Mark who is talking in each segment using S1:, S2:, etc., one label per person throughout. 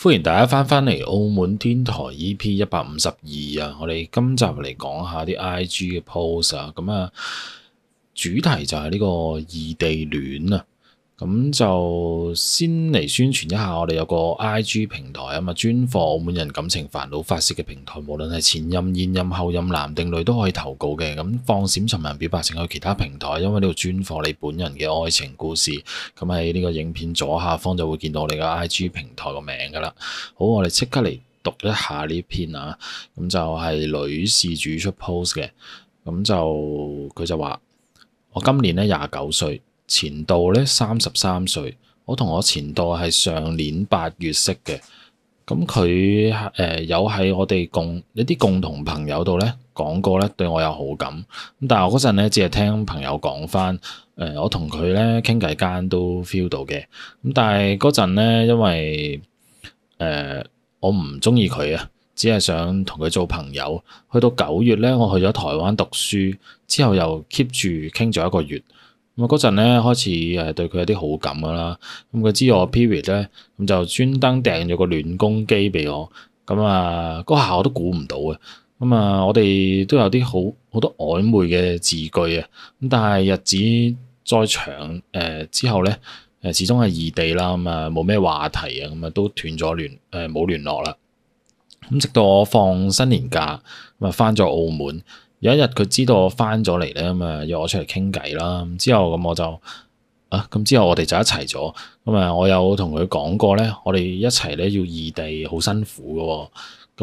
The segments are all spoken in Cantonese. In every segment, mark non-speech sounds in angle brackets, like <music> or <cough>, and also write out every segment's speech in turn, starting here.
S1: 歡迎大家返返嚟《澳門癲台 E P 一百五十二》啊！我哋今集嚟講下啲 I G 嘅 post 啊，咁啊主題就係呢個異地戀啊！咁就先嚟宣傳一下，我哋有個 I G 平台啊嘛，專放澳門人感情煩惱發泄嘅平台，無論係前任、現任、後任，男定女都可以投稿嘅。咁放閃尋人表白，成日去其他平台，因為呢個專放你本人嘅愛情故事。咁喺呢個影片左下方就會見到我哋嘅 I G 平台個名噶啦。好，我哋即刻嚟讀一下呢篇啊。咁就係女事主出 post 嘅，咁就佢就話：我今年呢廿九歲。前度咧三十三歲，我同我前度係上年八月識嘅，咁佢誒有喺我哋共一啲共同朋友度咧講過咧對我有好感，咁但係嗰陣咧只係聽朋友講返，誒、呃、我同佢咧傾偈間都 feel 到嘅，咁但係嗰陣咧因為誒、呃、我唔中意佢啊，只係想同佢做朋友，去到九月咧我去咗台灣讀書之後又 keep 住傾咗一個月。咁嗰陣咧，開始誒對佢有啲好感噶啦。咁佢知我 period 咧，咁就專登訂咗個暖宮機俾我。咁啊，嗰下我都估唔到嘅。咁啊，我哋都有啲好好多曖昧嘅字句啊。咁但係日子再長誒之後咧，誒始終係異地啦。咁啊，冇咩話題啊，咁啊都斷咗聯誒冇聯絡啦。咁直到我放新年假，咁啊翻咗澳門。有一日佢知道我翻咗嚟咧，咁啊約我出嚟傾偈啦。之後咁我就啊，咁之後我哋就一齊咗。咁啊，我有同佢講過咧，我哋一齊咧要異地好辛苦嘅。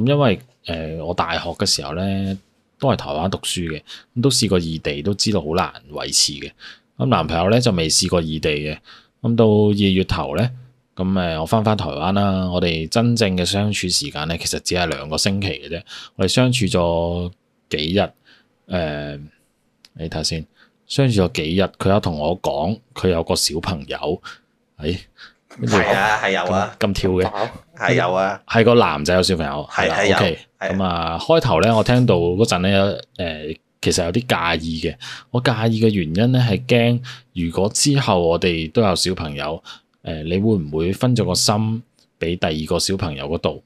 S1: 咁因為誒我大學嘅時候咧都係台灣讀書嘅，咁都試過異地都知道好難維持嘅。咁男朋友咧就未試過異地嘅。咁到二月頭咧，咁誒我翻返台灣啦。我哋真正嘅相處時間咧，其實只係兩個星期嘅啫。我哋相處咗幾日。誒、呃，你睇下先，相處咗幾日，佢有同我講，佢有個小朋友，誒、哎，
S2: 係啊，係有啊，
S1: 咁跳嘅，係有啊，係個男仔有小朋友，係啦，OK，咁啊，開頭咧，我聽到嗰陣咧，誒、呃，其實有啲介意嘅，我介意嘅原因咧係驚，如果之後我哋都有小朋友，誒、呃，你會唔會分咗個心俾第二個小朋友嗰度？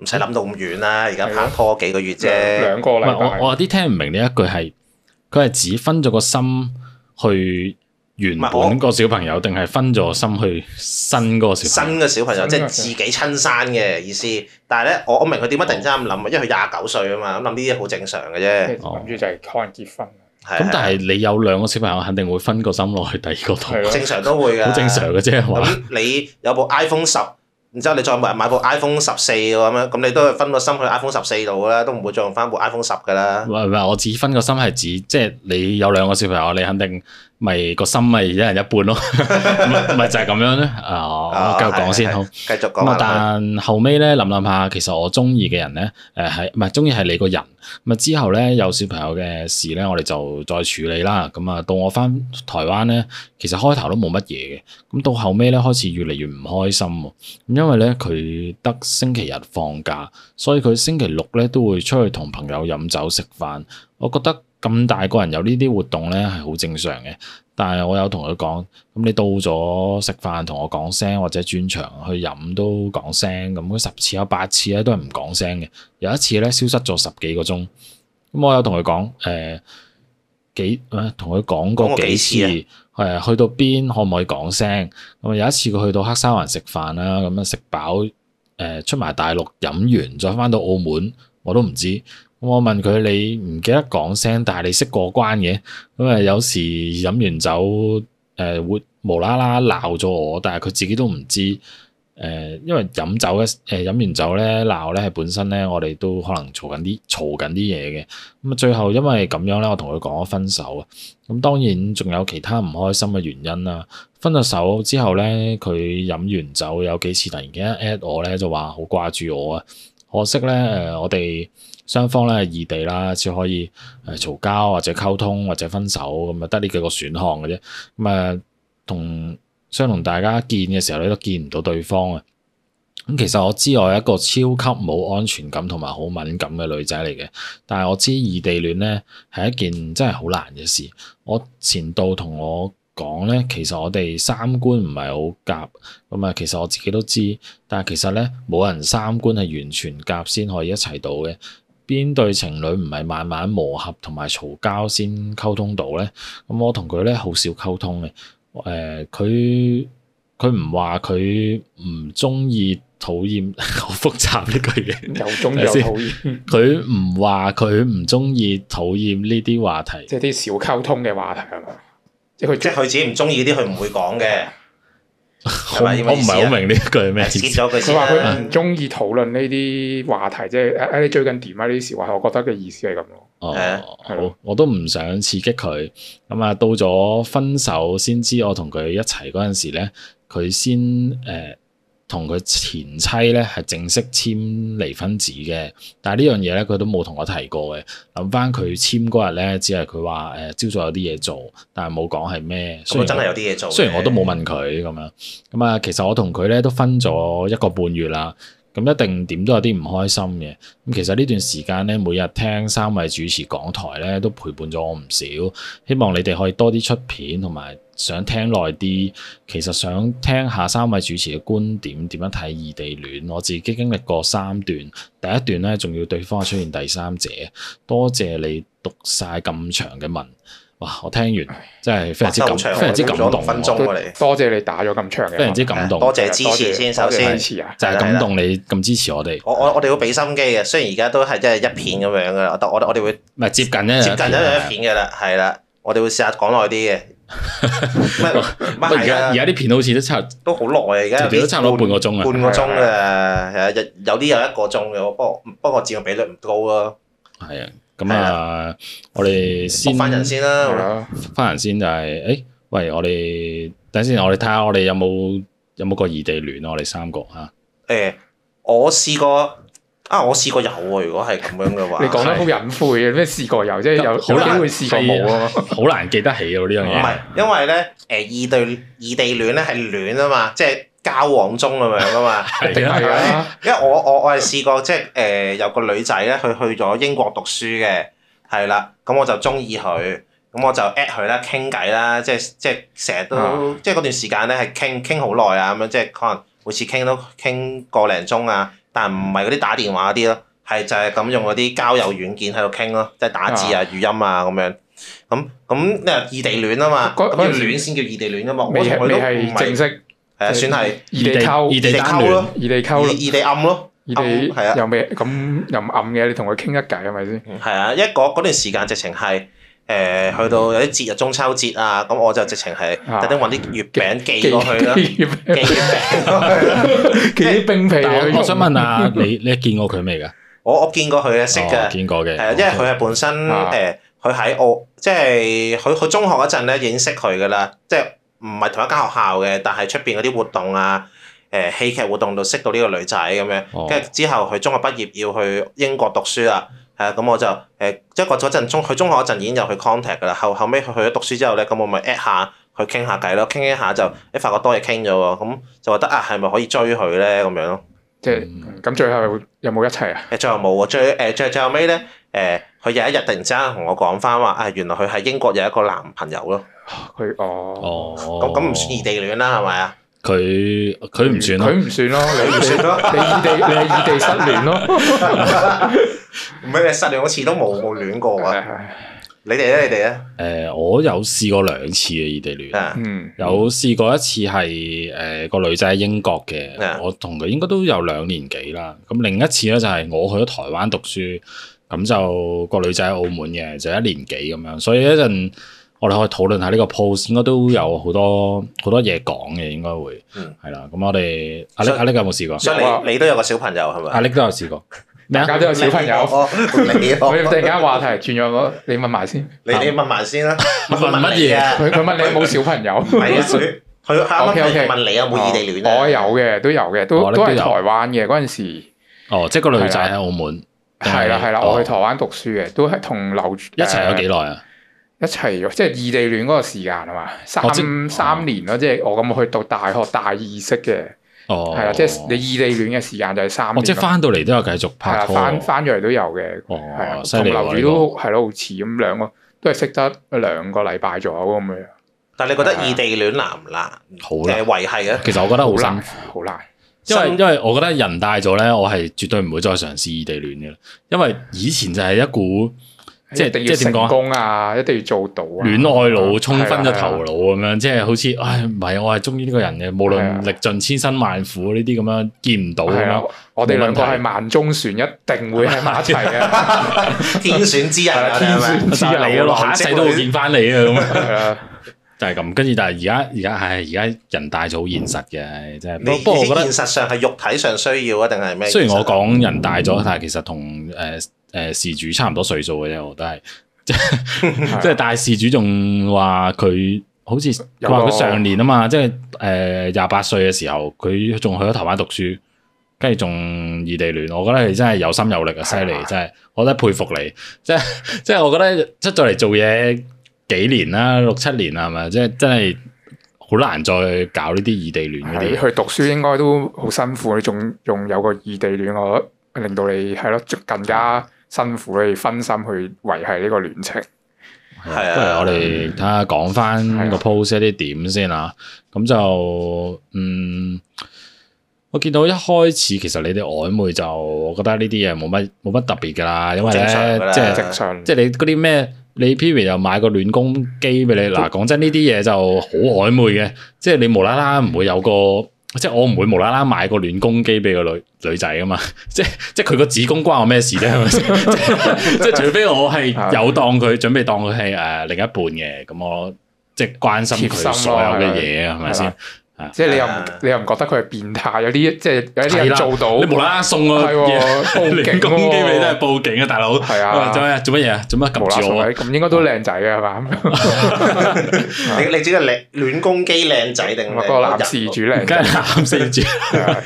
S2: 唔使諗到咁遠啦，而家拍拖幾個月啫。兩個嚟講，我
S1: 有啲聽唔明呢一句係，佢係指分咗個心去
S2: 原本個小朋友，定係分咗心去新嗰個小朋友？新嘅小朋友即係自己親生嘅意思。但係咧，我我明佢點解突然之間唔諗，因為佢廿九歲啊嘛，咁諗呢啲好正常嘅啫。諗住就係可能結婚。咁但係
S1: 你有兩個小朋友，肯定會分個心落去第二個度。正常都會㗎，好正常嘅啫。咁
S2: 你有部 iPhone 十？然之後你再買買部 iPhone 十四咁樣，咁你都係分個心去 iPhone 十四度啦，都唔會再用翻部 iPhone 十噶啦。
S1: 唔係唔係，我指分個心係指即係你有兩個小朋友，你肯定。咪個心咪一人一半咯， <laughs> <laughs> 咪就係咁樣咧。啊，繼續講先係係係好。繼
S2: 續講。但
S1: 後尾咧諗諗下，其實我中意嘅人咧，誒係唔係中意係你個人。咁啊之後咧有小朋友嘅事咧，我哋就再處理啦。咁啊到我翻台灣咧，其實開頭都冇乜嘢嘅。咁到後尾咧開始越嚟越唔開心喎。因為咧佢得星期日放假，所以佢星期六咧都會出去同朋友飲酒食飯。我覺得。咁大個人有呢啲活動咧係好正常嘅，但係我有同佢講，咁你到咗食飯同我講聲或者轉場去飲都講聲，咁佢十次有八次咧都係唔講聲嘅，有一次咧消失咗十幾個鐘，咁我有同佢講，誒、呃、幾同佢講過幾次，幾次去到邊可唔可以講聲？咁有一次佢去到黑沙環食飯啦，咁樣食飽，呃、出埋大陸飲完再翻到澳門，我都唔知。我問佢，你唔記得講聲，但係你識過關嘅。咁啊，有時飲完酒，誒、呃、會無啦啦鬧咗我，但係佢自己都唔知。誒、呃，因為飲酒咧，誒、呃、飲完酒咧鬧咧，係本身咧，我哋都可能嘈緊啲，嘈緊啲嘢嘅。咁啊，最後因為咁樣咧，我同佢講咗分手啊。咁當然仲有其他唔開心嘅原因啦。分咗手之後咧，佢飲完酒有幾次突然間 at 我咧，就話好掛住我啊。可惜咧，誒我哋雙方咧異地啦，只可以誒嘈交或者溝通或者分手咁啊，得呢幾個選項嘅啫。咁、嗯、誒同相同大家見嘅時候，你都見唔到對方啊。咁其實我知我係一個超級冇安全感同埋好敏感嘅女仔嚟嘅，但係我知異地戀咧係一件真係好難嘅事。我前度同我講咧，其實我哋三觀唔係好夾，咁啊，其實我自己都知。但係其實咧，冇人三觀係完全夾先可以一齊到嘅。邊對情侶唔係慢慢磨合同埋嘈交先溝通到咧？咁我同佢咧好少溝通嘅。誒、呃，佢佢唔話佢唔中意討厭，好 <laughs> 複雜呢句嘢。又中意又討厭，佢唔話佢唔中意討厭呢啲話題，即係啲少溝通嘅話題係咪？
S2: 即係佢，即係佢自己唔中意啲，佢唔會講嘅。我唔係好明呢句係咩意思。佢話佢唔
S3: 中意討論呢啲話題，即係誒，你最近點啊？呢啲事話，我覺得嘅意思係咁咯。哦，係咯，
S1: 好，我都唔想刺激佢。咁啊，到咗分手先知我，我同佢一齊嗰陣時咧，佢先誒。.同佢前妻咧係正式簽離婚紙嘅，但係呢樣嘢咧佢都冇同我提過嘅。諗翻佢簽嗰日咧，只係佢話，誒，朝早有啲嘢做，但係冇講係咩。所以咁真係有啲嘢做。雖然我，雖然我都冇問佢咁樣，咁啊，其實我同佢咧都分咗一個半月啦。咁一定點都有啲唔開心嘅。咁其實呢段時間呢，每日聽三位主持講台呢都陪伴咗我唔少。希望你哋可以多啲出片，同埋想聽耐啲。其實想聽下三位主持嘅觀點，點樣睇異地戀？我自己經歷過三段，第一段呢仲要對方出現第三者。多謝你讀晒咁長嘅文。哇！我聽完真係非常之感，非常之感動啊！
S2: 多謝你打咗咁長嘅，非常之感動，多謝支持先，首先支持啊！就係感動
S1: 你咁支持我哋。
S2: 我我哋會俾心機嘅，雖然而家都係即係一片咁樣噶啦，但係我我哋會唔係接近咧？接近咗一片噶啦，係啦，我哋會試下講耐啲嘅。乜而家啲片好似都差都好耐而家，都差唔多半個鐘啊，半個鐘啊，係啊，有啲有一個鐘嘅，不過不過佔嘅比率唔高咯，係啊。
S1: 咁啊！的我哋先翻人先啦，翻的人先就係、是、誒、欸，喂！我哋等先，我哋睇下我哋有冇有冇個異地戀咯，我哋三個啊。
S2: 誒，我試過啊，我試、欸過，啊、過有喎、啊。如果係咁樣嘅話，你講得好隱晦嘅咩？試的過有即、啊、係有好有難，好、試過
S3: 冇啊、 <laughs> 難記得起咯、啊。呢
S2: 樣嘢唔係，因為咧誒，異地異地戀咧係戀啊嘛，即係。交往中咁樣噶嘛，係啊，因為我我我係試過即係誒有個女仔咧，佢去咗英國讀書嘅，係啦，咁我就中意佢，咁我就 at 佢啦，傾偈啦，即係即係成日都即係嗰段時間咧係傾傾好耐啊，咁樣即係可能每次傾都傾個零鐘啊，但係唔係嗰啲打電話嗰啲咯，係就係咁用嗰啲交友軟件喺度傾咯，即係打字啊、語音啊咁樣，咁咁咧異地戀啊嘛，嗰啲戀先叫異地戀啊嘛，我未未係正式。誒算係異地溝，異地溝咯，異地溝，異地暗咯，異地係啊，又
S3: 咩？咁又暗嘅，你同佢
S2: 傾一偈係咪先？係啊，一個嗰段時間直情係誒去到有啲節日，中秋節啊，咁我就直情係特登揾啲月餅寄過去啦，寄月餅，寄
S1: 啲冰皮。但係我想問下，你你見過佢未㗎？
S2: 我我見過佢嘅，識嘅，見過嘅，係啊，因為佢係本身誒，佢喺我，即係佢佢中學嗰陣咧，已經認識佢㗎啦，即係。唔係同一間學校嘅，但係出邊嗰啲活動啊，誒、呃、戲劇活動度識到呢個女仔咁樣，跟住、哦、之後佢中學畢業要去英國讀書啦。係啊，咁我就誒、呃、即係過咗陣中，佢中學嗰陣已經有去 contact 噶啦。後後尾佢去咗讀書之後咧，咁我咪 at 下去傾下偈咯，傾傾下就、啊、發覺多嘢傾咗喎，咁就覺得啊，係咪、啊、可以追佢咧咁樣咯？即係咁最後有冇一齊啊？誒最、呃、最後冇喎，最誒最最後尾咧誒，佢、呃、有一日突然之間同我講翻話啊，原來佢喺英國有一個男朋友咯。佢哦，咁咁唔算異地戀啦，係咪啊？佢佢唔算，佢唔算咯，你唔算咯，你異地你係異地失戀咯，唔係你失戀，我次都冇冇戀過嘅。你哋咧？你哋
S1: 咧？誒，我有試過兩次嘅異地戀，嗯，有試過一次係誒個女仔喺英國嘅，我同佢應該都有兩年幾啦。咁另一次咧就係我去咗台灣讀書，咁就個女仔喺澳門嘅，就一年幾咁樣，所以一陣。我哋可以討論下呢個 post 應該都有好多好多嘢講嘅，應該會係啦。咁我哋阿 n 阿 n 有冇試過？
S3: 所以你
S2: 都有個小朋友係咪？
S3: 阿 n 都有試過，大家都有小朋友。我突然間話題轉咗，我你問埋先。你你
S2: 問埋先啦，問乜嘢？
S3: 佢問你有冇小朋友？佢 OK，OK，問你有冇異地戀？我有嘅，都有嘅，都都係台灣嘅。嗰陣時，哦，即係個女仔喺澳門。係啦係啦，我去台灣讀書嘅，都係同劉一齊有幾耐啊？一齊喎，即係異地戀嗰個時間係嘛？三三年咯，即係我咁去讀大學大二識嘅，哦，係啦，即係你異地戀嘅時間就係三。我即係翻到嚟都有繼續拍拖。係翻翻咗嚟都有嘅，哦，係啊，同樓主都係咯，好似咁兩個都係識得兩個禮拜咗咁樣。
S2: 但係你覺得異地戀難唔難？好難維係啊，其實我覺得好辛苦，好難。
S3: 因為因
S1: 為我覺得人大咗咧，我係絕對唔會再嘗試異地戀嘅，因為以前就係一股。
S3: 即係定要成功啊？一定要做到啊！戀
S1: 愛腦沖昏咗頭腦咁樣，即係好似唉，唔係我係中意呢個人嘅，無論歷盡千辛萬苦呢啲咁樣
S3: 見唔到。係啊，我哋兩個係萬中選，一定會喺埋
S2: 一齊嘅天選之人啊！天選之人，下世都會見翻你啊！咁啊，
S3: 就係咁。
S1: 跟住但係而家而家唉，而家人大咗好現實嘅，即係。不過我覺得，
S2: 現實上係肉體上需要啊，定係咩？雖然我講人大咗，但係其實同誒。誒、
S1: 呃、事主差唔多歲數嘅啫，我都係即係， <laughs> 但係事主仲話佢好似話佢上年啊嘛，個即係誒廿八歲嘅時候，佢仲去咗台灣讀書，跟住仲異地戀。我覺得你真係有心有力啊，犀利的真係，我都佩服你。即係即係，我覺得出咗嚟做嘢幾年啦，六七年啦，係咪？即係真係好難再搞呢啲異地戀嗰啲。去
S3: 讀書應該都好辛苦，你仲仲有個異地戀，我覺得令到你係咯，更加。辛苦你分心去維係呢個戀情，
S1: 係 <noise> 啊。不如我哋睇下講翻個 post 一啲點先啊。咁就嗯，我見到一開始其實你哋曖昧就，我覺得呢啲嘢冇乜冇乜特別噶啦，因為咧即係即係你嗰啲咩，你 Perry 又買個暖宮機俾你嗱，講真呢啲嘢就好曖昧嘅，即係你無啦啦唔會有個。嗯即係我唔會無啦啦買個暖宮機俾個女女仔噶嘛，即係即係佢個子宮關我咩事啫？係咪先
S2: <laughs> 即係除非我係有
S1: 當佢準備當佢係誒另一半嘅，咁我即係關心佢所有嘅嘢啊？係咪先？
S3: 即係你又唔你又唔覺得佢係變態？有啲即係有一啲人做到你無啦啦送啊！報警，亂攻擊你都係
S1: 報警啊，大佬。係啊，做咩？
S3: 做乜嘢？做乜撳住我？咁應該都靚仔嘅係嘛？你你只係亂
S2: 亂攻擊靚仔定？個男事主
S3: 靚。梗係男事主啦。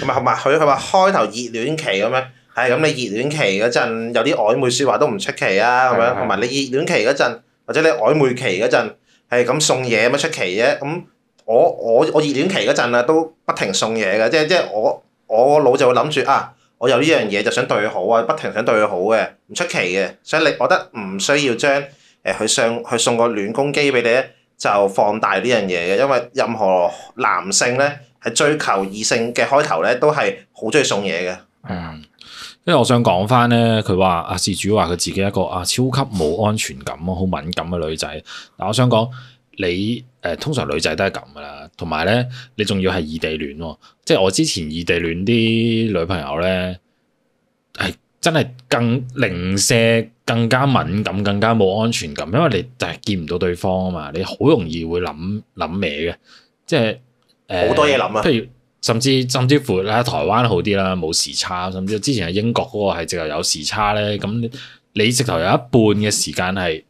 S2: 同埋同埋佢佢話開頭熱戀期咁樣，係咁你熱戀期嗰陣有啲曖昧説話都唔出奇啊，咁樣同埋你熱戀期嗰陣或者你曖昧期嗰陣係咁送嘢乜出奇啫，咁。我我我熱戀期嗰陣啊，都不停送嘢嘅，即係即係我我個腦就會諗住啊，我有呢樣嘢就想對佢好啊，不停想對佢好嘅，唔出奇嘅。所以你我覺得唔需要將誒、呃、去送去送個暖宮機俾你咧，就放大呢樣嘢嘅，因為任何男性咧係追求異性嘅開頭咧，都係好中意送嘢嘅。
S1: 嗯，因為我想講翻咧，佢話啊事主話佢自己一個啊超級冇安全感啊，好敏感嘅女仔。但我想講你。誒通常女仔都係咁噶啦，同埋咧，你仲要係異地戀喎，即係我之前異地戀啲女朋友咧，係真係更零舍，更加敏感，更加冇安全感，因為你就係見唔到對方啊嘛，你好容易會諗諗咩嘅，即係誒好多嘢諗啊。譬如甚至甚至乎喺台灣好啲啦，冇時差，甚至之前喺英國嗰個係直頭有時差咧，咁你你直頭有一半嘅時間係。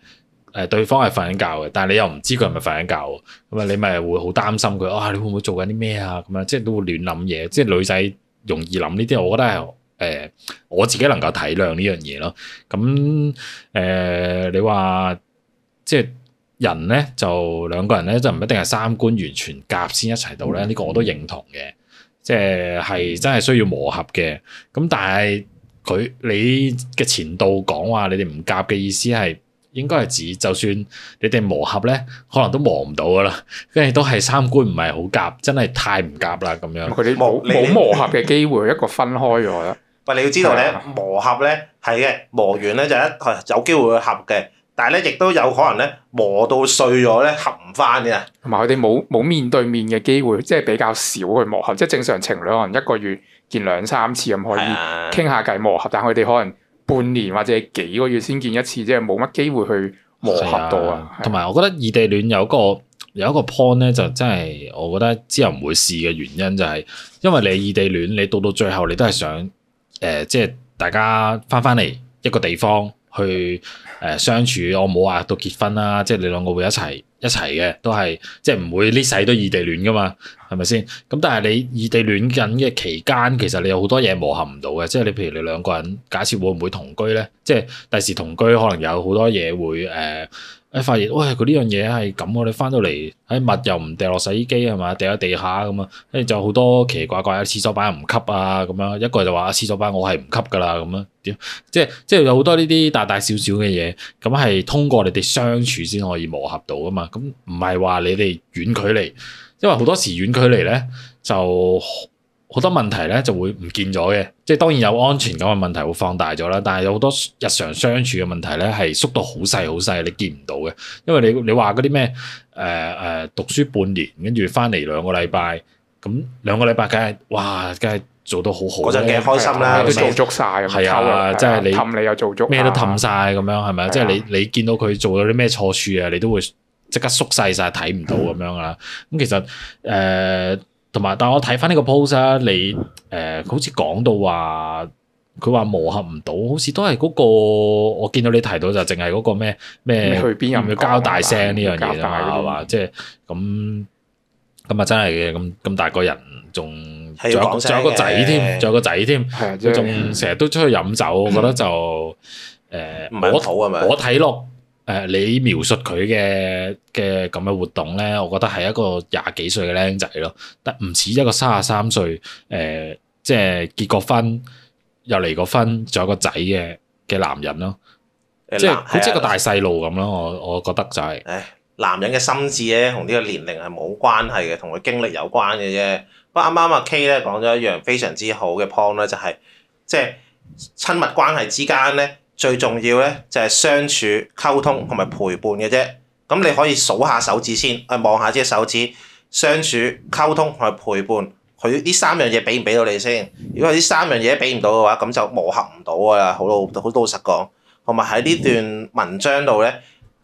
S1: 誒對方係瞓緊覺嘅，但係你又唔知佢係咪瞓緊覺喎，咁啊你咪會好擔心佢啊？你會唔會做緊啲咩啊？咁樣即係都會亂諗嘢，即係女仔容易諗呢啲，我覺得係誒、呃、我自己能夠體諒、呃、呢樣嘢咯。咁誒你話即係人咧，就兩個人咧就唔一定係三觀完全夾先一齊到咧，呢、嗯、個我都認同嘅，即係係真係需要磨合嘅。咁但係佢你嘅前度講話你哋唔夾嘅意思係？應該係指就算你哋磨合咧，可能都磨唔到噶啦，跟住都係三觀唔係好夾，真係太唔夾啦咁樣。佢哋冇冇磨合嘅機
S2: 會，一個分開咗。喂，你要知道咧，磨合咧係嘅，磨完咧就一係有機會去合嘅，但係咧亦都有可能咧磨到碎咗咧合唔翻嘅。
S3: 同埋佢哋冇冇面對面嘅機會，即係比較少去磨合。即係正常情侶可能一個月見兩三次咁可以傾下偈磨合，但係佢哋可能。半年或者幾個月先見一次，即係冇乜機會去磨合到啊。同埋是我覺得異地戀有一個有
S1: 一個 point 咧，就真係我覺得啲人唔會試嘅原因就係、是，因為你異地戀，你到到最後你都係想誒、呃，即係大家翻翻嚟一個地方去。的誒相處，我冇話到結婚啦，即係你兩個會一齊一齊嘅，都係即係唔會呢世都異地戀㗎嘛，係咪先？咁但係你異地戀緊嘅期間，其實你有好多嘢磨合唔到嘅，即係你譬如你兩個人，假設會唔會同居咧？即係第時同居，可能有好多嘢會誒。呃哎，發現，喂、哎，佢呢樣嘢係咁喎，你翻到嚟，啲、哎、物又唔掉落洗衣機吖嘛，掉喺地下咁啊，跟住就好多奇奇怪怪嘅，廁所板又唔吸啊，咁樣，一個就話啊，廁所板我係唔吸噶啦，咁樣，點？即係即係有好多呢啲大大小小嘅嘢，咁係通過你哋相處先可以磨合到吖嘛，咁唔係話你哋遠距離，因為好多時遠距離咧就。好多問題咧就會唔見咗嘅，即係當然有安全感嘅問題會放大咗啦。但係有好多日常相處嘅問題咧係縮到好細好細，你見唔到嘅。因為你你話嗰啲咩誒誒讀書半年，跟住翻嚟兩個禮拜，咁兩個禮拜梗係哇，梗係做到好好。嗰陣幾開心啦，你都做足晒，係啊，即係你氹
S3: 你又做足，咩都氹晒，
S1: 咁樣係咪？即係、啊、你你見到佢做咗啲咩錯處啊，你都會即刻縮細晒，睇唔到咁樣啦。咁、嗯、其實誒。呃同埋，但係我睇翻呢個 post 你誒、呃、好似講到話，佢話磨合唔到，好似都係嗰個，我見到你提到就淨係嗰個咩咩去邊又唔要交大聲呢樣嘢啊嘛，即係咁咁啊真係嘅，咁咁大個人仲
S2: 仲有，有個仔添，仲有個仔添，
S1: 佢仲成日都出去飲酒，我覺得就誒唔係好啊嘛，我睇落。誒，你描述佢嘅嘅咁嘅活動咧，我覺得係一個廿幾歲嘅僆仔咯，但唔似一個三十三歲誒，即係結過婚又離過婚，仲有個仔嘅嘅男人咯，
S2: 即係男好似個大
S1: 細路咁咯。我我覺得就係、是，誒、哎，
S2: 男人嘅心智咧，同呢個年齡係冇關係嘅，同佢經歷有關嘅啫。不過啱啱阿 K 咧講咗一樣非常之好嘅 point 咧、就是，就係即係親密關係之間咧。最重要咧就係相處、溝通同埋陪伴嘅啫。咁你可以數下手指先，去望下隻手指，相處、溝通同埋陪伴，佢呢三樣嘢俾唔俾到你先。如果呢三樣嘢俾唔到嘅話，咁就磨合唔到㗎啦。好老好老實講，同埋喺呢段文章度咧，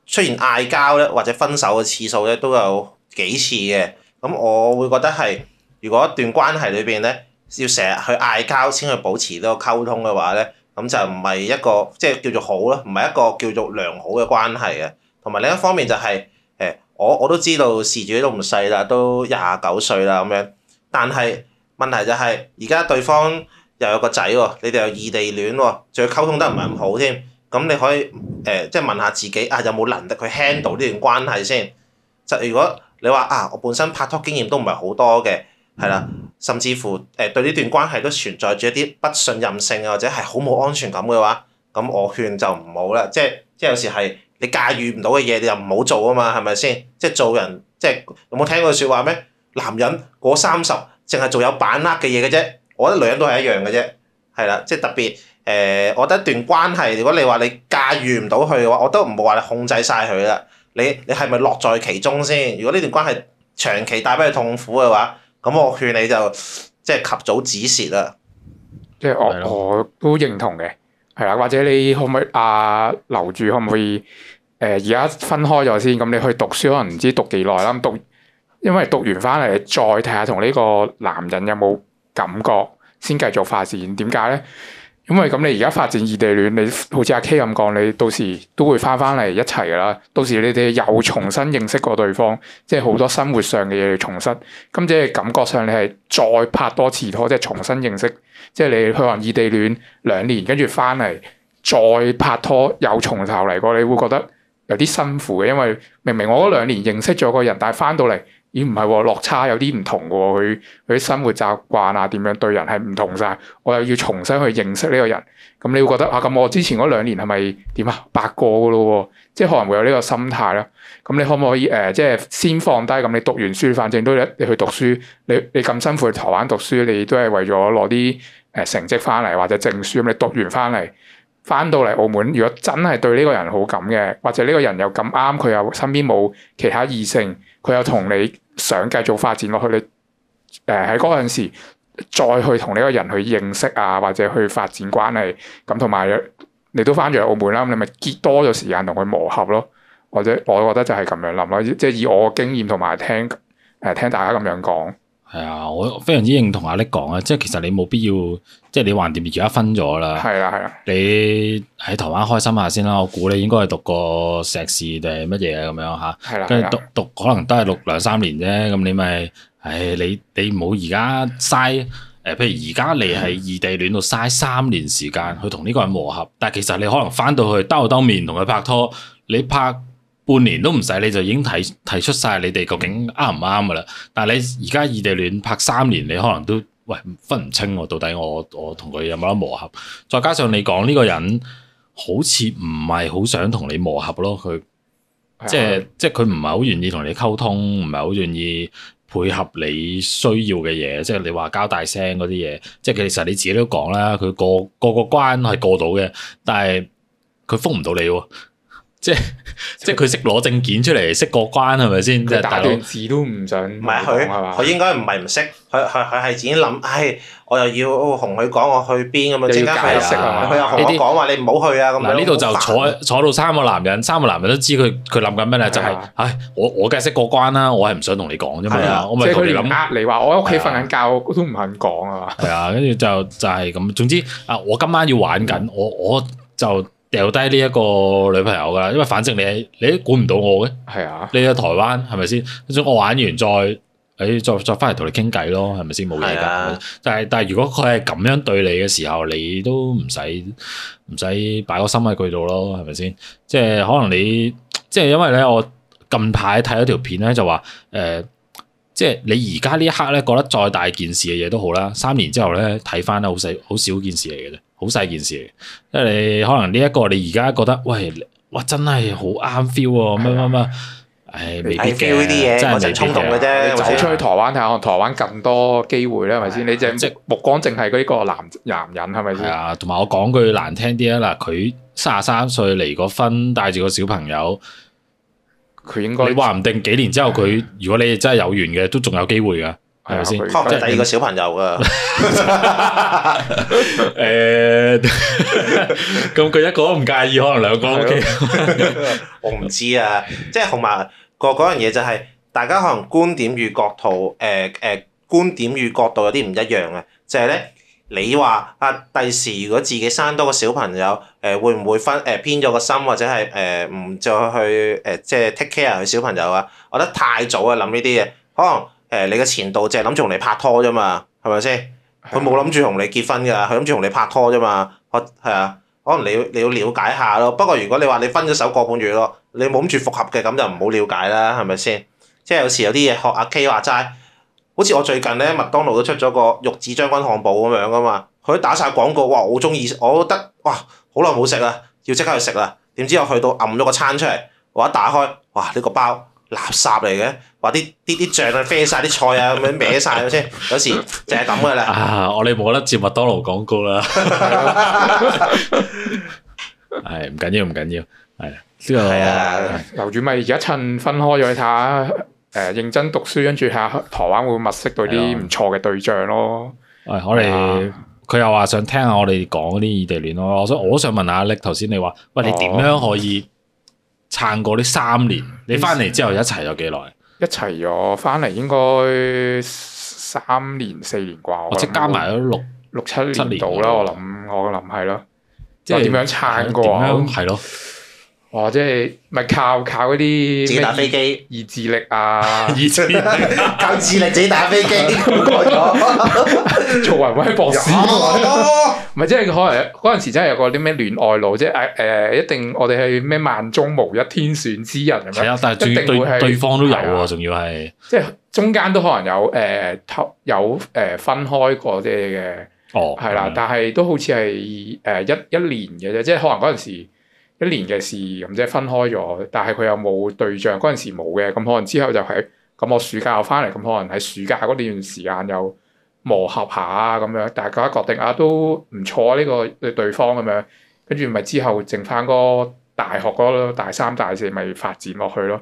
S2: 出現嗌交咧或者分手嘅次數咧都有幾次嘅。咁我會覺得係，如果一段關係裏邊咧要成日去嗌交先去保持呢個溝通嘅話咧。咁就唔係一個即係、就是、叫做好咯，唔係一個叫做良好嘅關係嘅。同埋另一方面就係、是、誒，我我都知道事主都唔細啦，都廿九歲啦咁樣。但係問題就係而家對方又有個仔喎，你哋有異地戀喎，仲要溝通得唔係咁好添。咁你可以誒，即、呃、係、就是、問下自己啊，有冇能力去 handle 呢段關係先？就如果你話啊，我本身拍拖經驗都唔係好多嘅。係啦，甚至乎誒、呃、對呢段關係都存在住一啲不信任性啊，或者係好冇安全感嘅話，咁我勸就唔好啦。即係即係有時係你駕馭唔到嘅嘢，你就唔好做啊嘛，係咪先？即係做人，即係有冇聽過説話咩？男人過三十，淨係做有把握嘅嘢嘅啫。我覺得女人都係一樣嘅啫。係啦，即係特別誒、呃，我覺得一段關係，如果你話你駕馭唔到佢嘅話，我都唔會話你控制晒佢啦。你你係咪樂在其中先？如果呢段關係長期帶俾佢痛苦嘅話，咁我勸你就即係、就是、及早止蝕啦。
S3: 即係我，我都認同嘅，係啊，或者你可唔可以啊留住，可唔可以誒而家分開咗先，咁你去讀書可能唔知讀幾耐啦，讀因為讀完翻嚟再睇下同呢個男人有冇感覺，先繼續發展，點解呢？因為咁你而家發展異地戀，你好似阿 K 咁講，你到時都會翻翻嚟一齊噶啦。到時你哋又重新認識過對方，即係好多生活上嘅嘢嚟重新咁，即係感覺上你係再拍多次拖，即係重新認識。即係你去完異地戀兩年，跟住翻嚟再拍拖，又從頭嚟過，你會覺得有啲辛苦嘅。因為明明我嗰兩年認識咗個人，但係翻到嚟。咦，唔係喎，落差有啲唔同喎、哦，佢佢啲生活習慣啊，點樣對人係唔同晒。我又要重新去認識呢個人，咁你會覺得啊，咁我之前嗰兩年係咪點啊白過噶咯？即係可能會有呢個心態啦。咁你可唔可以誒、呃，即係先放低咁？你讀完書，反正都一你，你去讀書，你你咁辛苦去台灣讀書，你都係為咗攞啲誒成績翻嚟或者證書咁。你讀完翻嚟，翻到嚟澳門，如果真係對呢個人好感嘅，或者呢個人又咁啱，佢又身邊冇其他異性。佢又同你想繼續發展落去，你誒喺嗰陣時再去同呢個人去認識啊，或者去發展關係，咁同埋你都翻咗嚟澳門啦，咁你咪結多咗時間同佢磨合咯，或者我覺得就係咁樣諗咯，即係以我嘅經驗同埋聽誒聽大家咁樣講。
S1: 係啊，我非常之認同阿力講啊，即係其實你冇必要，即係你橫掂而家分咗啦。係啊係啊，啊你喺台灣開心下先啦。我估你應該係讀過碩士定係乜嘢咁樣吓。係啦、啊，跟住讀、啊、讀，讀可能都係讀兩三年啫。咁你咪，唉，你你唔好而家嘥，誒、呃，譬如而家你係異地戀到嘥三年時間去同呢個人磨合，但係其實你可能翻到去兜兜面同佢拍拖，你拍。半年都唔使你就已經提提出晒你哋究竟啱唔啱噶啦？但係你而家異地戀拍三年，你可能都喂分唔清、啊，到底我我同佢有冇得磨合？再加上你講呢個人好似唔係好想同你磨合咯，佢的即係即係佢唔係好願意同你溝通，唔係好願意配合你需要嘅嘢。即係你話交大聲嗰啲嘢，即係其實你自己都講啦，佢過過個關係過到嘅，但係佢封唔到你喎、啊。即係即係佢識攞證件出嚟，識過關係咪先？即係大斷字
S3: 都唔
S2: 想，唔係佢，佢應該唔係唔識，佢佢係自己諗。唉，我又要同佢講我去邊咁樣，點解佢又佢又同我講話你唔好去啊！咁嗱，呢度就坐
S1: 坐到三個男人，三個男人都知佢佢諗緊咩咧，就係唉，我我梗係識過關啦，我係唔想同你講啫嘛。我咪同你壓你
S3: 話，我喺屋企瞓緊覺，都唔肯講
S1: 啊。係啊，跟住就就係咁。總之啊，我今晚要玩緊，我我就。掉低呢一個女朋友噶啦，因為反正你你都管唔到我嘅。係啊，你喺台灣係咪先？我玩完再，誒、哎，再再翻嚟同你傾偈咯，係咪先冇嘢噶？但係但係，如果佢係咁樣對你嘅時候，你都唔使唔使擺個心喺佢度咯，係咪先？即係可能你即係因為咧，我近排睇咗條片咧，就話誒，即係你而家呢一刻咧，覺得再大件事嘅嘢都好啦，三年之後咧睇翻咧，好細好少件事嚟嘅啫。好細件事，因為你可能呢一個，你而家覺得喂，哇真係好啱 feel，乜乜乜，唉的、哎、未必嘅，即係成衝動嘅啫。你走出去
S3: 台灣睇下，台灣更多機會咧，係咪先？的你淨即係目光淨係嗰一個男男人，係
S1: 咪先？啊，同埋我講句難聽啲啊，嗱，佢卅三歲離過婚，帶住個小朋友，佢應該你話唔定幾年之後，佢的如果你真係有緣嘅，都仲有機會噶。係咪先？或者第二個小朋友啊？
S2: 誒，咁佢一個都唔介意，可能兩個 <laughs> 我唔知啊。即係同埋個嗰樣嘢就係、是，大家可能觀點與角度，誒、呃、誒、呃，觀點與角度有啲唔一樣嘅。就係、是、咧，你話啊，第時如果自己生多個小朋友，誒、呃，會唔會分誒偏咗個心，或者係誒唔再去誒、呃，即係 take care 佢小朋友啊？我覺得太早啊，諗呢啲嘢，可能。誒你嘅前度淨係諗住同你拍拖啫嘛，係咪先？佢冇諗住同你結婚㗎，佢諗住同你拍拖啫嘛。我係啊，可能你要你要了解下咯。不過如果你話你分咗手個半月咯，你冇諗住復合嘅咁就唔好了解啦，係咪先？即係有時有啲嘢學阿 K 話齋，好似我最近咧麥當勞都出咗個玉子將軍漢堡咁樣噶嘛，佢打晒廣告，哇我中意，我得，哇好耐冇食啦，要即刻去食啦。點知我去到暗咗個餐出嚟，我一打開，哇呢個包垃圾嚟嘅。話啲啲啲醬啊，啡晒啲菜啊，咁樣歪晒先，有時淨係咁噶啦。
S1: 啊，我哋冇得接麥
S3: 當勞廣告啦。係唔緊要唔緊要，係。呢個係啊，樓主咪而家趁分開咗，睇下誒認真讀書，跟住睇下台灣會物識到啲唔錯嘅對象咯。
S1: 誒，我哋佢、嗯、又話想聽下我哋講啲異地戀咯，所以我想問，問下你，你，頭先你話喂，你點樣可以撐過呢三年？哦、你翻嚟之後
S3: 一齊咗幾耐？啊一齊咗翻嚟應該三年四年啩，我即加埋咗六六七年到啦。我諗我諗係咯，
S2: 即係是點樣
S3: 撐過？係咯，哇！即係咪靠靠嗰啲自己打飛機以，以智力啊，以靠智力、啊、
S2: <laughs> 靠自力自己打飛機過咗。 <laughs> 做云威博士，
S3: 唔係、啊、 <laughs> 即係可能嗰陣時真係有個啲咩戀愛腦，即係誒誒，一定我哋係咩萬中無一天選之人咁。係啊是，但係對對對方都有喎、啊，仲要係即係中間都可能有誒偷、呃、有誒、呃、分開過啲嘅哦，係啦，但係都好似係誒一一年嘅啫，即係可能嗰陣時一年嘅事咁啫，即分開咗，但係佢又冇對象，嗰陣時冇嘅，咁可能之後就係、是、咁，我暑假又翻嚟，咁可能喺暑假嗰段時間又。磨合下咁樣，大家覺得啊都唔錯啊呢個、這個、對對方咁樣，跟住咪之後剩翻個大學嗰大三大四咪發展落去咯。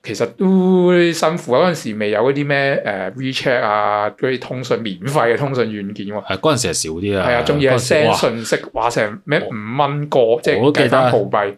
S3: 其實都辛苦啊，嗰時未有嗰啲咩誒 WeChat 啊嗰啲通訊免費嘅通訊軟件喎。係嗰時係少啲啊。係啊，中意 send 信息話成咩五蚊個我即係計翻葡幣。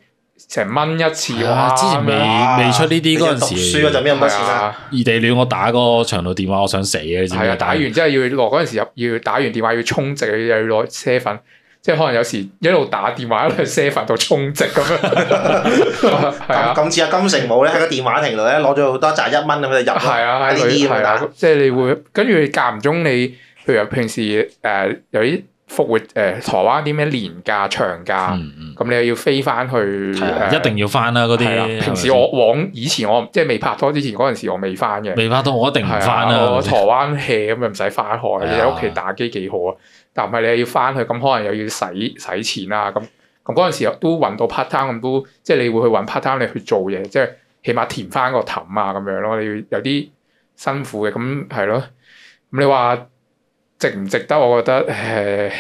S3: 成蚊一次啊！之前未未出呢啲嗰陣時，書啊就咩咁多錢
S1: 啦。異地戀我打個長途電話，我想死啊！你知唔知啊？打完
S3: 之後要落嗰陣時入，要打完電話要充值，又要攞啡粉，即係可能有時一路打電話一路啡粉度充值咁樣。
S2: 咁似阿金城武咧喺個電話亭度咧攞咗好多集一蚊咁就入啊啲啲咁啊！
S3: 即係你會跟住你間唔中你，譬如平時誒，有一。復活誒，台灣啲咩年假、長假，咁、嗯、你又要飛翻去？啊呃、一定要翻啦嗰啲。平時我往以前我即係未拍拖之前嗰陣時，我未翻嘅。未拍拖我一定唔翻、啊啊、我 <laughs> 台灣 hea 咁咪唔使翻學，你喺屋企打機幾好啊！但係你又要翻去，咁可能又要使使錢啦、啊。咁咁嗰陣時都揾到 part time 咁都，即係你會去揾 part time 你去做嘢，即係起碼填翻個氹啊咁樣咯。你要有啲辛苦嘅，咁係咯。咁你話？值唔值得？我覺得誒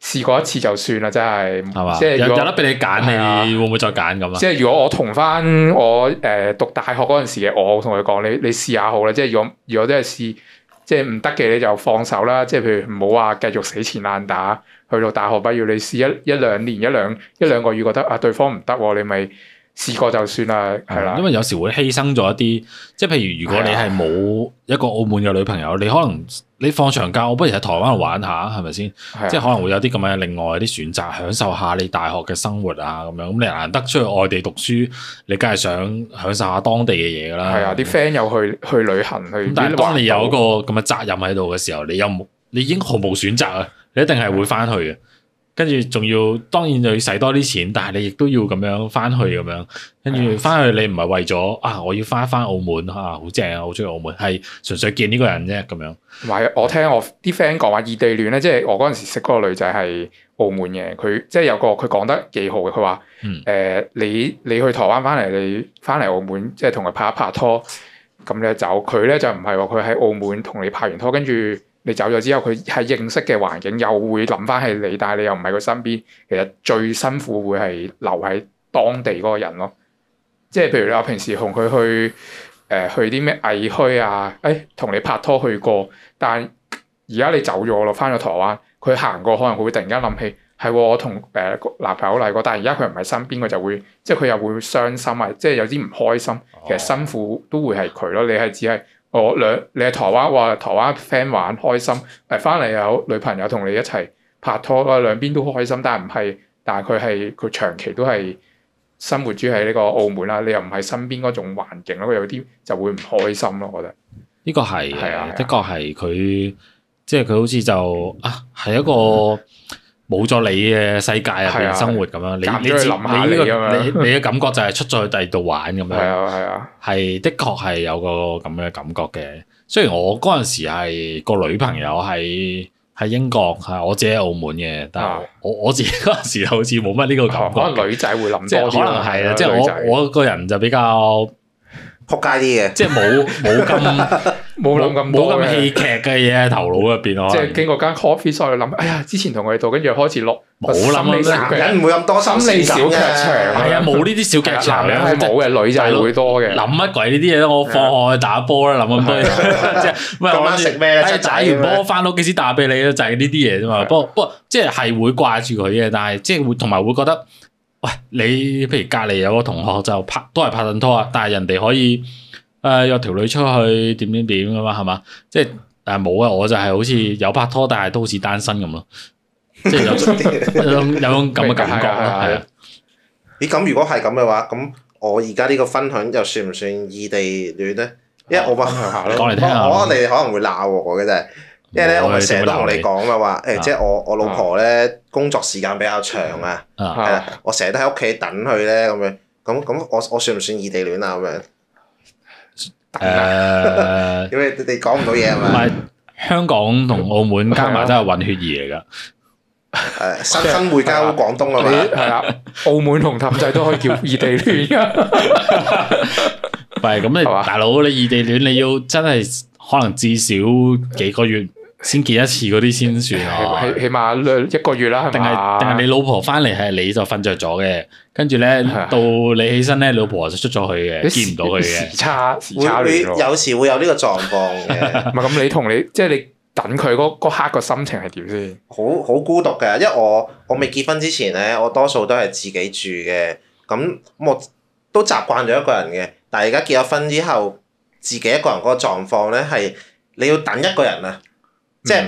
S3: 試過一次就算啦，真係。係嘛吧？即係有得俾
S1: 你揀，啊、你會唔會再揀咁啊？即係
S3: 如果我同翻我誒讀大學嗰陣時嘅我同佢講，你你試下好啦。即係如果如果真係試即係唔得嘅，你就放手啦。即係譬如唔好話繼續死纏爛打。去到大學畢業，你試一一兩年、一兩一兩個月，覺得啊對方唔得，你咪。試過就算啦，係啦、嗯。
S1: 因為有時會犧牲咗一啲，即係譬如如果你係冇一個澳門嘅女朋友，的你可能你放長假，我不如喺台灣玩下，係咪先？的即係可能會有啲咁嘅另外啲選擇，享受下你大學嘅生活啊，咁樣。咁你難得出去外地讀書，你梗係想享受下當地嘅嘢噶啦。係啊，啲 friend 又去去旅行去。但係當你有一個咁嘅責任喺度嘅時候，你又冇，你已經毫無選擇啊！你一定係會翻去嘅。跟住仲要，當然就要使多啲錢，但係你亦都要咁樣翻去咁樣。跟住翻去你唔係為咗啊，我要翻一翻澳門啊，好正啊，好中意澳門，係純粹見呢個人啫咁樣。
S3: 唔係、嗯，我聽我啲 friend 講話異地戀咧，即係我嗰陣時識嗰個女仔係澳門嘅，佢即係有個佢講得幾好嘅，佢話誒你你去台灣翻嚟，你翻嚟澳門即係同佢拍一拍拖，咁咧走佢咧就唔係話佢喺澳門同你拍完拖，跟住。你走咗之後，佢係認識嘅環境又會諗翻起你，但係你又唔係佢身邊，其實最辛苦會係留喺當地嗰個人咯。即係譬如你話我平時同佢去誒、呃、去啲咩藝墟啊，誒、哎、同你拍拖去過，但係而家你走咗咯，翻咗台灣，佢行過可能會突然間諗起係、啊、我同誒、呃、男朋友嚟過，但係而家佢唔係身邊，佢就會即係佢又會傷心啊，即係有啲唔開心。其實辛苦都會係佢咯，你係只係。我兩你喺台灣話，台灣 friend 玩，開心，誒翻嚟有女朋友同你一齊拍拖，兩邊都好開心。但係唔係，但係佢係佢長期都係生活住喺呢個澳門啦。你又唔喺身邊嗰種環境咯，佢有啲就會唔開心咯。我覺得
S1: 呢個係係啊，啊的確係佢即係佢好似就啊係一個。 <laughs> 冇咗你嘅世界入邊了生活咁樣，你你你呢個你你嘅感覺就係出咗去第二度玩咁樣。係啊係啊，係的確係有個咁樣嘅感覺嘅。雖然我嗰陣時係個女朋友係係英國，係我自己喺澳門嘅，但係我、啊、我自己嗰陣時好似冇乜呢個感覺。可能女仔會諗多啲，係啊，嗯、即係我我個人就比較撲街啲嘅，即係冇冇咁。 <laughs>
S3: 冇諗咁多冇咁戲劇嘅嘢喺頭
S1: 腦入邊，即係
S3: 經過間 coffee shop 去諗。哎呀，之前同佢度，跟住又開始碌。冇諗啦，即係男人唔會咁多心理小劇場。係啊，冇呢啲
S2: 小劇場，冇嘅，女仔係會多嘅。諗
S1: 乜鬼呢啲嘢？我放學去打波啦，諗咁多
S2: 嘢。咁啊食咩即咧？打完波
S1: 翻屋，幾時打俾你？就係呢啲嘢啫嘛。不過不過，即係會掛住佢嘅，但係即係同埋會覺得，喂，你譬如隔籬有個同學就拍都係拍緊拖啊，但係人哋可以。誒，約條女出去點點點咁嘛，係嘛？即係但係，冇啊，我就係好似有拍拖，但係都好似單身咁咯，
S3: 即
S2: 係有 <laughs> 有種咁嘅感覺咯。係啊，咦？咁如果係咁嘅話，咁我而家呢個分享又算唔算異地戀咧？因為是的 我講嚟聽，聽，我你可能會鬧我嘅啫。因為咧，我咪成日都同你講嘅話，誒，即係我我老婆咧工作時間比較長啊，係啦，我成日都喺屋企等佢咧，咁樣咁咁，我我算唔算異地戀啊？咁樣？誒，因為、uh, <laughs> 你哋講唔到嘢啊嘛。
S1: 唔係，香港同澳門加埋都係混血兒嚟噶。誒， <laughs> <laughs> 生
S2: 生活交好廣東啊嘛，係
S3: 啊。澳門同氹仔都可以叫異地戀
S1: 噶。唔係咁你， <laughs> 大佬你異地戀你要真係可能至少幾個月。 <laughs> 先見一次嗰啲先算起、哦、起碼一個月啦，定係定係你老婆翻嚟係你就瞓着咗嘅，跟住咧到
S3: 你起身咧，老婆就出咗去嘅，時見唔到佢嘅時
S2: 差，時差會會有時會有呢個狀況。 <laughs> 嘅。咁，你同你即係你等佢嗰刻個心情係點先？ <laughs> 好好孤獨嘅，因為我我未結婚之前咧，我多數都係自己住嘅，咁我都習慣咗一個人嘅。但係而家結咗婚之後，自己一個人嗰個狀況咧係你要等一個人啊！ <laughs> 即係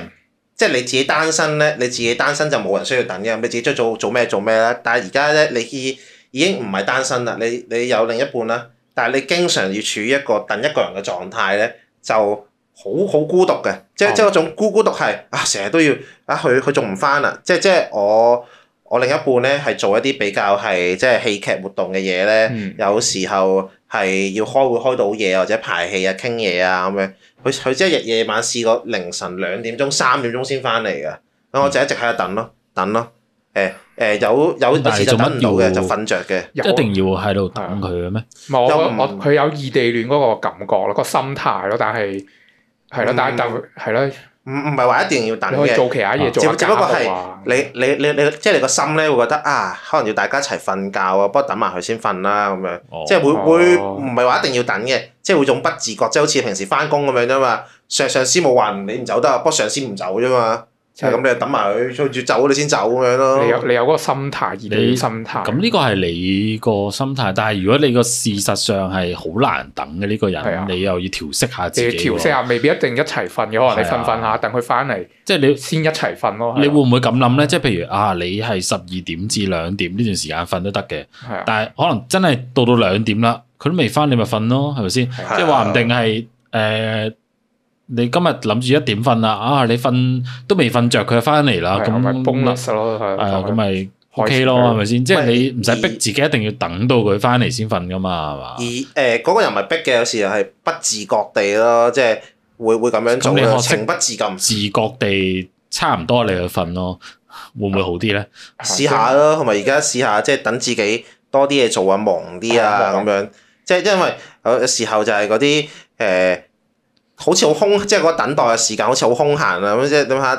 S2: 即係你自己單身咧，你自己單身就冇人需要等嘅，你自己出做做咩做咩啦，但係而家咧，你已已經唔係單身啦，你你有另一半啦，但係你經常要處於一個等一個人嘅狀態咧，就好好孤獨嘅，即即係嗰種孤孤獨係啊，成日都要啊，佢佢仲唔返啊？即即係我我另一半咧係做一啲比較係即係戲劇活動嘅嘢咧，嗯、有時候。係要開會開到嘢，或者排戲啊、傾嘢啊咁樣。佢佢即係日夜晚試過凌晨兩點鐘、三點鐘先翻嚟嘅。咁、嗯、我就一直喺度等咯、啊，等咯、啊。誒、欸、誒，有有一次就等唔到嘅，就瞓着嘅。一定
S1: 要喺度等佢嘅
S3: 咩？冇佢、嗯、有異地戀嗰個感覺咯，個心態咯，但
S2: 係係咯，嗯、但係就係咯。唔唔係話一定要等嘅，做其他嘢做，只不過係你你你你，即係、啊、你個、就是、心咧會覺得啊，可能要大家一齊瞓覺啊，不過等埋佢先瞓啦咁樣。即係、哦、會、哦、會唔係話一定要等嘅，即、就、係、是、會種不自覺，即、就、係、是、好似平時返工咁樣啫嘛。上上司冇話你唔走得，不過上司唔走啫嘛。就係咁，你等埋佢，催住走你先走咁樣咯。你有
S3: 你有嗰個心態，你心態咁呢個係你個
S1: 心態。但係如果你個事實上係好難等嘅呢個人，你又要調適下自己。調適下
S3: 未必一定一齊瞓嘅，可能你瞓瞓下等佢翻嚟。即係你先一齊瞓咯。你會唔會
S1: 咁諗咧？即係譬如啊，你係十二點至兩點呢段時間瞓都得嘅。係啊。但係可能真係到到兩點啦，佢都未翻，你咪瞓咯，係咪先？即係話唔定係誒。你今日諗住一點瞓啦，啊！你瞓都未瞓着，佢就翻嚟啦。咁崩笠咯，係啊，咁咪 OK 咯，係咪先？即係你唔使逼自己，一定要等到佢翻嚟先瞓噶嘛，係嘛？
S2: 而誒嗰個人咪逼嘅，有時係不自覺地咯，即係會會咁樣做。情不自禁、自覺地差唔多，你去瞓咯，會唔會好啲咧？試下咯，同埋而家試下，即係等自己多啲嘢做啊，忙啲啊，咁樣。即係因為有時候就係嗰啲誒。好似好空，即係嗰等待嘅時間好似好空閒啊！咁即係點下，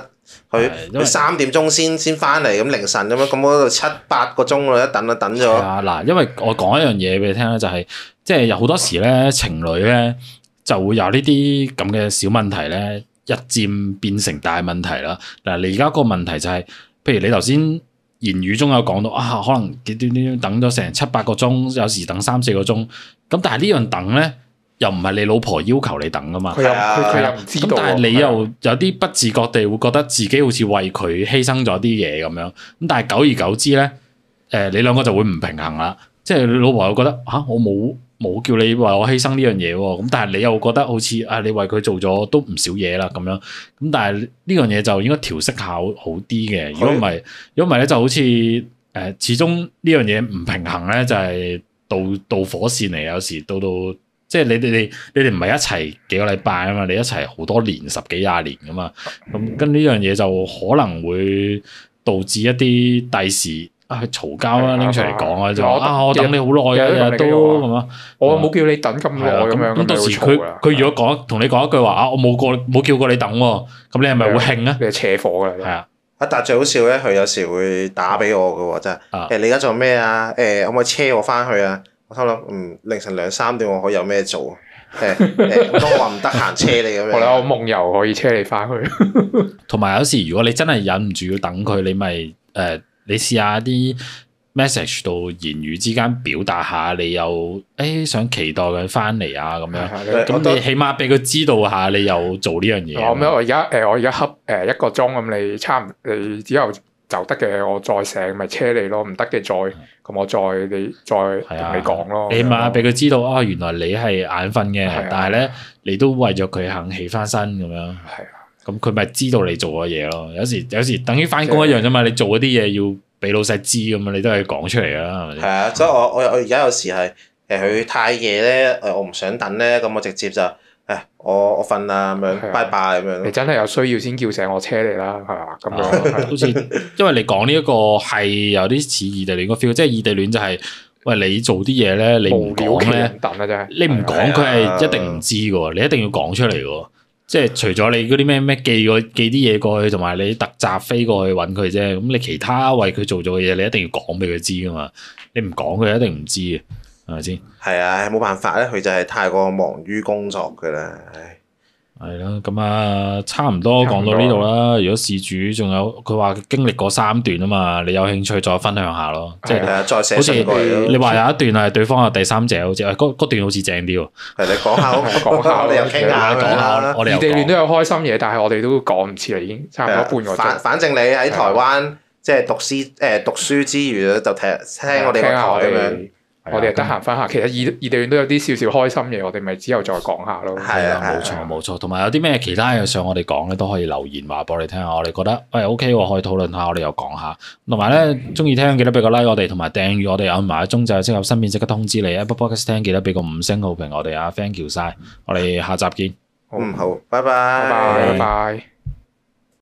S2: 佢佢三點鐘先先翻嚟，咁為凌晨咁樣，咁我度七八個鐘一等啊等咗。啊，嗱，因為我
S1: 講一樣嘢俾你聽咧，就係、是、即係有好多時咧，情侶咧就會有呢啲咁嘅小問題咧，一漸變成大問題啦。嗱，你而家個問題就係、是，譬如你頭先言語中有講到啊，可能佢端端等咗成七八個鐘，有時等三四個鐘，咁但係呢樣等咧。又唔係你老婆要求你等噶嘛？佢又佢又知道。但係你又是的 有啲不自覺地會覺得自己好似為佢犧牲咗啲嘢咁樣。咁但係久而久之咧，誒、呃，你兩個就會唔平衡啦。即係你老婆又覺得吓、啊，我冇冇叫你為我犧牲呢樣嘢喎。咁但係你又覺得好似啊，你為佢做咗都唔少嘢啦咁樣。咁但係呢樣嘢就應該調適下好啲嘅。如果唔係，如果唔係咧就好似誒、呃，始終呢樣嘢唔平衡咧，就係導導火線嚟，有時到到。即係你哋哋，你哋唔係一齊幾個禮拜啊嘛？你一齊好多年，十幾廿年噶嘛？咁跟呢樣嘢就可能會導致一啲第時啊嘈交啦，拎出嚟講啊！就啊，我等你好耐啊，都
S3: 咁啊！我冇叫你等咁耐咁樣咁，到時佢
S1: 佢如果講同你講一句話啊，我冇過冇叫過你等喎，咁你係咪會興啊？扯火噶啦，係啊！
S2: 阿達最好笑咧，佢有時會打俾我噶喎，真係誒！你而家做咩啊？誒，可唔可以車我翻去啊？我偷諗，嗯，凌晨兩三點我可以有咩做啊、？ <laughs> 欸？都話唔得閒車你咁樣。 <laughs> 我諗我夢遊可以車你翻去。同埋有時如果你真係忍
S1: 唔住要等佢，你咪誒、呃，你試下啲 message 到言語之間表達下、哎啊、下，你又誒想期待佢翻嚟啊，咁樣。咁、呃、你起碼俾佢知道下，你有做呢樣嘢。我
S3: 咁，我而家誒，我而家恰誒一個鐘，咁你差唔你之後，就得嘅，我再醒咪車你咯，唔得嘅再，咁的我再你再同你講咯。起碼
S1: 俾佢知道啊、哦，原來你係眼瞓嘅，的但係咧你都為咗佢肯起翻身咁樣。係啊的，咁佢咪知道你做嘅嘢咯？有時有時，有時等於返工一樣啫嘛，的你做嗰啲嘢要俾老細知咁嘛，你都係講出嚟啦。係咪？
S2: 係啊，所以我我我而家有時係誒佢太夜咧，我唔想等咧，咁我直接就。誒、哎，我我瞓啦，咁樣，拜拜，咁、啊、樣。你真
S3: 係有需要先叫醒我車你啦，係咁好似，
S1: 因為你講呢一個係有啲似異地戀個 feel，即係異地戀就係、是，喂，你做啲嘢咧，你唔講咧，你唔講佢係一定唔知噶，啊、你一定要講出嚟噶。啊、即係除咗你嗰啲咩咩寄個寄啲嘢過去，同埋你特登飛過去揾佢啫。咁你其他為佢做咗嘅嘢，你一定要講俾佢知噶嘛。你唔講佢一定唔知嘅。係
S2: 咪先？係啊，冇辦法咧，佢就係太過忙於工作噶啦，
S1: 唉，係咯，咁啊，差唔多講到呢度啦。如果事主仲有佢話經歷過三段啊嘛，你有興趣再分享下咯，的即係是，再寫一段。好似你你話有一段係對方嘅第三者，好似嗰段好似正啲喎。係你講下，我講下，我哋有傾下，講
S3: 下啦。異地戀都有開心嘢，但係我哋都講唔切啦，已經差唔多半個鐘反，反正你喺台灣
S2: 即係讀書誒讀書之餘就聽聽，聽我哋個台咁樣。
S3: 我哋得閒翻下，其實異異地都有啲少少開心嘅。我哋咪之後再講下咯。係啊，冇錯冇
S1: 錯，同埋有啲咩其他嘅嘢想我哋講咧，都可以留言話俾我哋聽下。我哋覺得，喂、哎、OK 喎、哦，可以討論下，我哋又講下。同埋咧，鍾意聽記得俾個 like 我哋，同埋訂閱我哋有埋鐘就即刻新片即刻通知你啊！Boxing 聽記得俾個五星好評我謝謝，我哋啊，thank you 晒。我哋下集見。
S2: 嗯，好，拜拜，拜拜。拜拜。